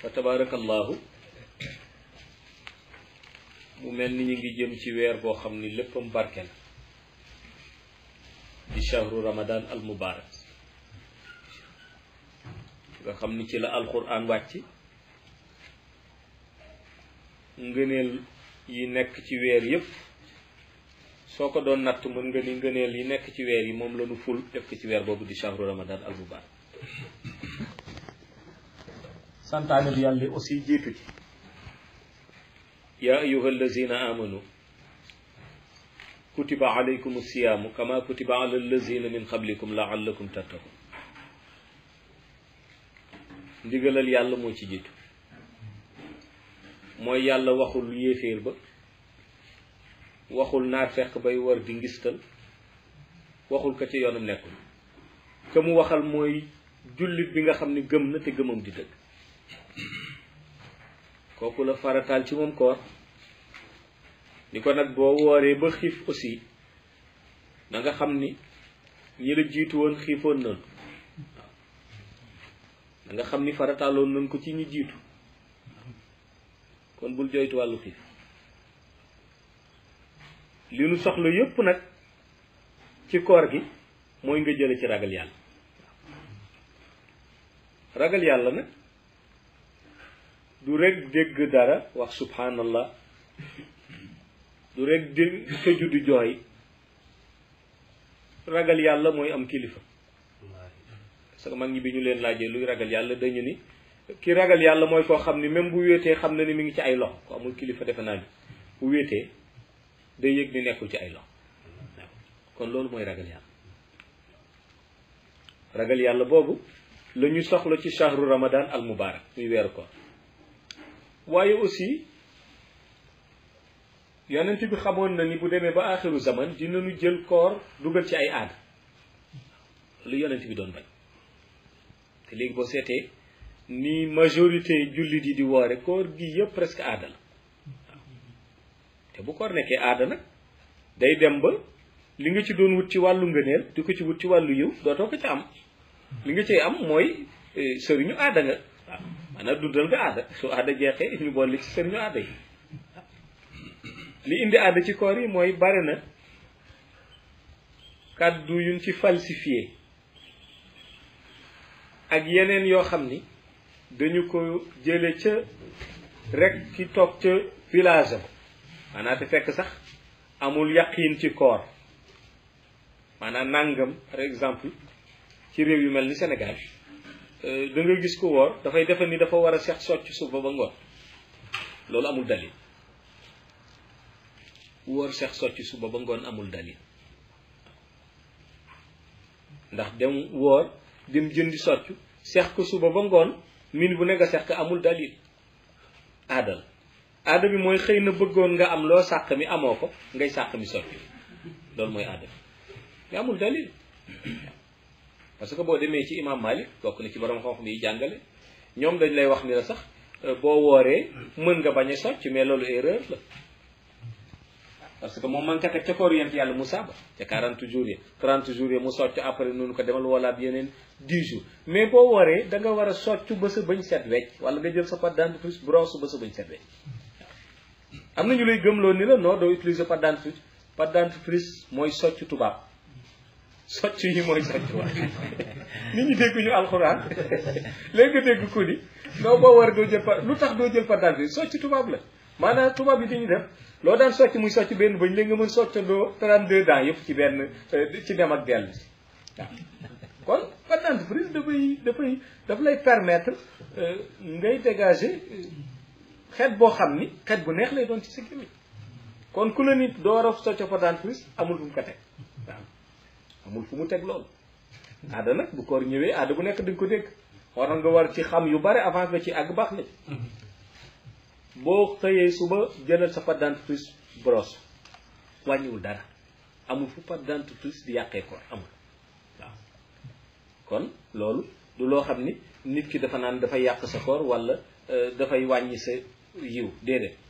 fa tabaarakallaahu mu mel ni ñu ngi jëm ci weer boo xam ni léppam barke la di shahru ramadan al mubarak nga xam ni ci la alquran wàcc ngëneel yi nekk ci weer yépp soo ko doon natt mën nga ni ngëneel yi nekk ci weer yi moom la ñu ful def ko ci weer boobu di shahru ramadan al mubarak santaane bi yàlla aussi jiitu ci yaa ayuha allazina amanu kutiba alaykum siyaamu kama kutiba ala allazina min qablikum laallakum tattaqun ndigalal yàlla moo ci jiitu mooy yàlla waxul yéeféer ba waxul naar fekk bay war di ngistal waxul ko ci yoonam nekkul ka mu waxal mooy jullit bi nga xam ne gëm na te gëmam di dëgg kooku la farataal ci moom koor ni ko nag boo wooree ba xiif aussi danga xam ni ñi la jiitu woon xiifoon nañ waaw xam ni farataaloon nañ ko ci ñi jiitu kon bul joytu wàllu xiif li nu soxla yépp nag ci koor gi mooy nga jële ci ragal yàlla ragal yàlla nag du rek dégg dara wax subhanallah du rek dégg tëju di jooy ragal yàlla mooy am kilifa parce que mag ñi bi ñu leen laajee luy ragal yàlla dañu ni ki ragal yàlla mooy koo xam ni même bu wéetee xam na ni mi ngi ci ay loxo amul kilifa defe naa ni bu wéetee day ci ay loxo kon loolu mooy ragal yàlla ragal yàlla boobu la ñu soxla ci shahru ramadan al mubarak muy weeru ko waaye aussi yonent bi xamoon na ni bu demee ba aaxiru zaman dinañu jël koor dugal ci ay aada lu yonent bi doon bañ te léegi boo seetee ni majorité jullit yi di woore koor gi yëpp presque aada la te bu koor nekkee aada nag day dem ba li nga ci doon wut ci wàllu ngëneel di ko ci wut ci wàllu yiw dootoo ko ci am li nga cay am mooy eh, sëriñu aada nga maanaam dundal nga aada su aada jeexee ñu boole ci sëriñu aada yi li indi aada ci koor yi mooy bare na kàddu yuñ ci falsifié ak yeneen yoo xam ni dañu ko jële ca rekk ki toog ca village am maanaam te fekk sax amul yaqin ci koor maanaam nàngam par exemple ci réew yu mel ni Sénégal Euh, da gis ku woor dafay defe ni dafa war a seex socc suba ba ngoon loolu amul dalil woor seex socc suba ba ngoon amul dalil ndax dem woor dem jëndi socc seex ko suba ba ngoon miin bu nekk nga seex ko amul dalil aadal aada bi mooy xëy na bëggoon nga am loo sàq mi amoo ko ngay sàq mi socc loolu mooy aada bi amul dalil parce que boo demee ci imam malik bokk na ci borom xam-xam yi jàngale ñoom dañ lay wax ni la sax euh, boo wooree mën nga bañ a socc mais loolu erreur la parce que moom man ka ca koor yàlla mu saaba ca 40 jours ya 30 jours ya mu socc après noonu ko demal walaat yeneen 10 jours mais boo wooree danga war a socc ba sa bañ set wecc wala nga jël sa pâte dentifrice brosse ba sa bañ set wecc am na ñu lay loolu ni la non doo utiliser pâte dentifrice pâte mooy socc tubaab socc yi mooy socc wax nit ñi dégg ñu alxuraan léegi nga dégg ku ni noo boo war doo jël pa lu tax doo jël pardal bi socc tubaab la maanaa tubaab yi di ñu def loo daan socc muy socc benn bañ léegi nga mën soccandoo 32 dents yëpp ci benn eh, ci dem ak dellu waaw kon par entreprise dafay dafay daf lay permettre eh, ngay dégager eh, xeet boo xam ni xeet bu neex lay doon ci sa gémmiñ kon ku la nit doo war a socc par entreprise amul fu ko teg amul fu mu teg loolu aada nag bu koor ñëwee aada bu nekk dañ ko dégg waroon nga war ci xam yu bare avant nga ci àgg baax na boo xëyee suba jëlal sa pâte dentifrice brosse wàññiwul dara amul fu pâte dentifrice di yàqee koor amul waaw kon loolu du loo xam ni nit ki dafa naan dafay yàq sa koor walla euh, dafay wàññi sa yiw déedéet